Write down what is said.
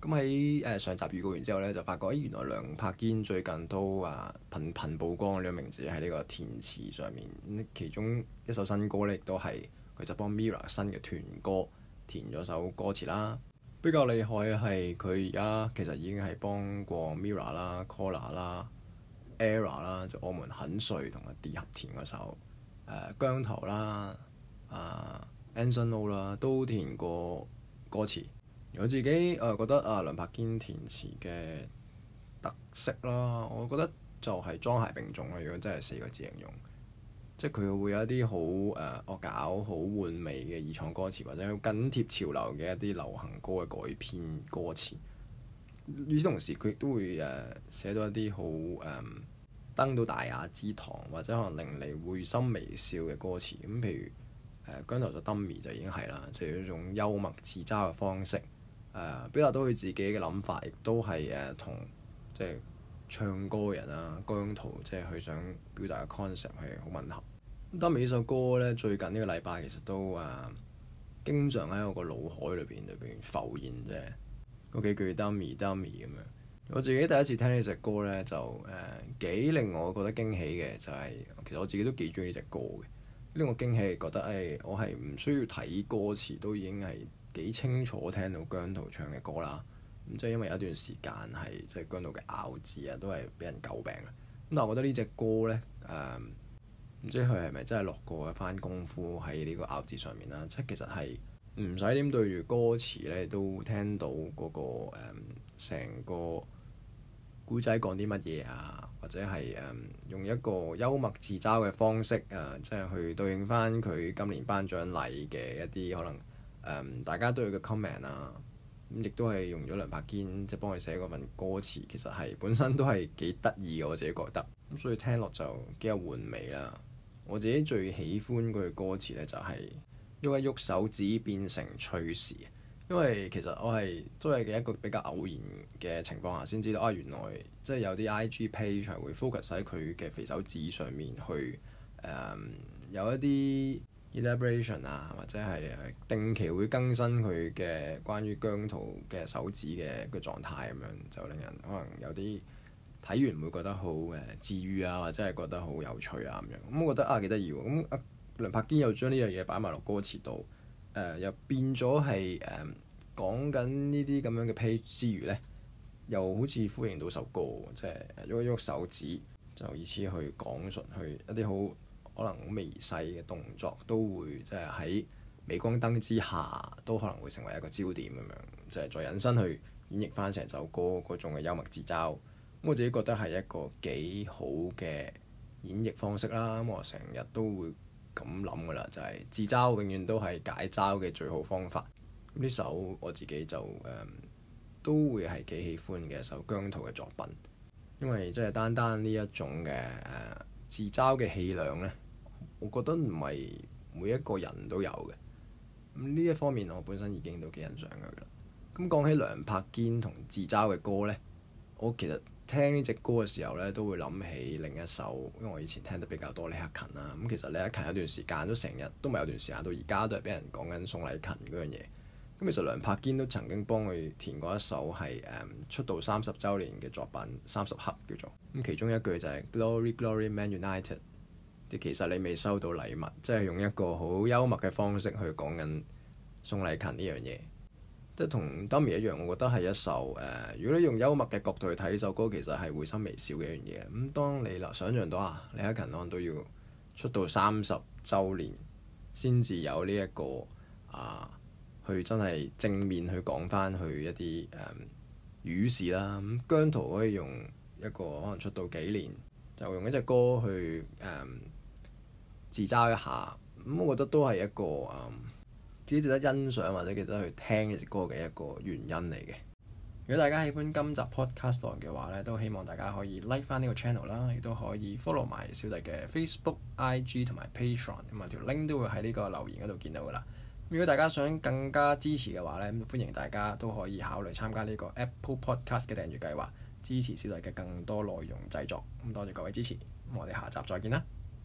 咁喺誒上集預告完之後咧，就發覺，哎、欸、原來梁柏堅最近都話、啊、頻頻曝光兩名字喺呢個填詞上面，其中一首新歌咧亦都係佢就幫 MIRROR 新嘅團歌填咗首歌詞啦。比較厲害嘅係佢而家其實已經係幫過 MIRROR 啦、COLLAR 啦、ERROR 啦，就我們很帥同阿 D 合填嗰首、呃、姜濤啦、啊、呃、Anson Lo 啦都填過歌詞。我自己誒、呃、覺得啊梁柏堅填詞嘅特色啦，我覺得就係莊諧並重啦。如果真係四個字形容，即係佢會有一啲好誒惡、呃、搞、好玩味嘅二創歌詞，或者緊貼潮流嘅一啲流行歌嘅改編歌詞。與此同時，佢亦都會誒寫到一啲好誒、呃、登到大雅之堂或者可能令你會心微笑嘅歌詞。咁譬如誒《姜濤 Dummy》就已經係啦，就係、是、一種幽默自嘲嘅方式。誒表達到佢自己嘅諗法，亦都係誒、啊、同即係唱歌人啊、姜濤即係佢想表達嘅 concept 係好吻合。嗯、Dummy 呢首歌咧，最近呢個禮拜其實都誒、啊、經常喺我個腦海裏邊裏邊浮現啫，嗰幾句 dummy dummy 咁樣。我自己第一次聽呢隻歌咧，就誒幾、嗯、令我覺得驚喜嘅，就係、是、其實我自己都幾中意呢隻歌嘅。令我驚喜覺得誒、哎，我係唔需要睇歌詞都已經係。幾清楚聽到姜濤唱嘅歌啦，咁即係因為有一段時間係即係姜濤嘅咬字啊，都係俾人詬病嘅。咁但係我覺得呢隻歌呢，誒、嗯、唔知佢係咪真係落過一番功夫喺呢個咬字上面啦？即係其實係唔使點對住歌詞呢，都聽到嗰、那個成、嗯、個古仔講啲乜嘢啊，或者係誒、嗯、用一個幽默自嘲嘅方式啊、嗯，即係去對應翻佢今年頒獎禮嘅一啲可能。Um, 大家都有個 comment 啊，咁亦都係用咗梁柏堅即係、就是、幫佢寫嗰份歌詞，其實係本身都係幾得意嘅，我自己覺得。咁所以聽落就幾有玩味啦。我自己最喜歡嗰句歌詞呢、就是，就係喐一喐手指變成趣事，因為其實我係都係嘅一個比較偶然嘅情況下先知道啊，原來即係、就是、有啲 IG page 會 focus 喺佢嘅肥手指上面去、um, 有一啲。elaboration 啊，或者係定期會更新佢嘅關於姜濤嘅手指嘅個狀態咁樣，就令人可能有啲睇完會覺得好誒治癒啊，或者係覺得好有趣啊咁樣。咁、嗯、我覺得啊幾得意喎。咁阿、嗯、梁柏堅又將呢樣嘢擺埋落歌詞度，誒、呃、又變咗係誒講緊呢啲咁樣嘅 page 之餘咧，又好似呼應到首歌，即係喐喐手指，就以此去講述去一啲好。可能微細嘅動作都會即係喺鎂光燈之下，都可能會成為一個焦點咁樣，即係再引申去演繹返成首歌嗰種嘅幽默自嘲。咁我自己覺得係一個幾好嘅演繹方式啦。咁我成日都會咁諗㗎啦，就係自嘲永遠都係解嘲嘅最好方法。呢首我自己就、嗯、都會係幾喜歡嘅一首姜濤嘅作品，因為即係單單呢一種嘅自嘲嘅氣量呢。我覺得唔係每一個人都有嘅，呢一方面我本身已經都幾欣賞佢啦。咁講起梁柏堅同自嘲嘅歌呢，我其實聽呢隻歌嘅時候呢，都會諗起另一首，因為我以前聽得比較多李克勤啦、啊。咁其實李克勤有段時間都成日都唔係有段時間到而家都係俾人講緊宋禮勤嗰樣嘢。咁其實梁柏堅都曾經幫佢填過一首係出道三十週年嘅作品《三十刻》叫做，咁其中一句就係、是、Glory Glory Man United。其實你未收到禮物，即係用一個好幽默嘅方式去講緊宋禮勤呢樣嘢，即係同《Dummy》一樣。我覺得係一首誒、呃，如果你用幽默嘅角度去睇呢首歌，其實係會心微笑嘅一樣嘢。咁、嗯、當你嗱想像到啊，李克勤可能都要出道三十周年先至有呢、這、一個啊，去真係正面去講翻去一啲誒語事啦。咁、嗯、姜濤可以用一個可能出道幾年就用一隻歌去誒。嗯自嘲一下，咁、嗯、我覺得都係一個嗯，自己值得欣賞或者值得去聽呢隻歌嘅一個原因嚟嘅。如果大家喜歡今集 podcast 嘅話咧，都希望大家可以 like 翻呢個 channel 啦，亦都可以 follow 埋小弟嘅 Facebook、IG 同埋 Patreon，咁啊條 link 都會喺呢個留言嗰度見到噶啦。如果大家想更加支持嘅話咧，歡迎大家都可以考慮參加呢個 Apple Podcast 嘅訂閱計劃，支持小弟嘅更多內容製作。咁、嗯、多謝各位支持，我哋下集再見啦～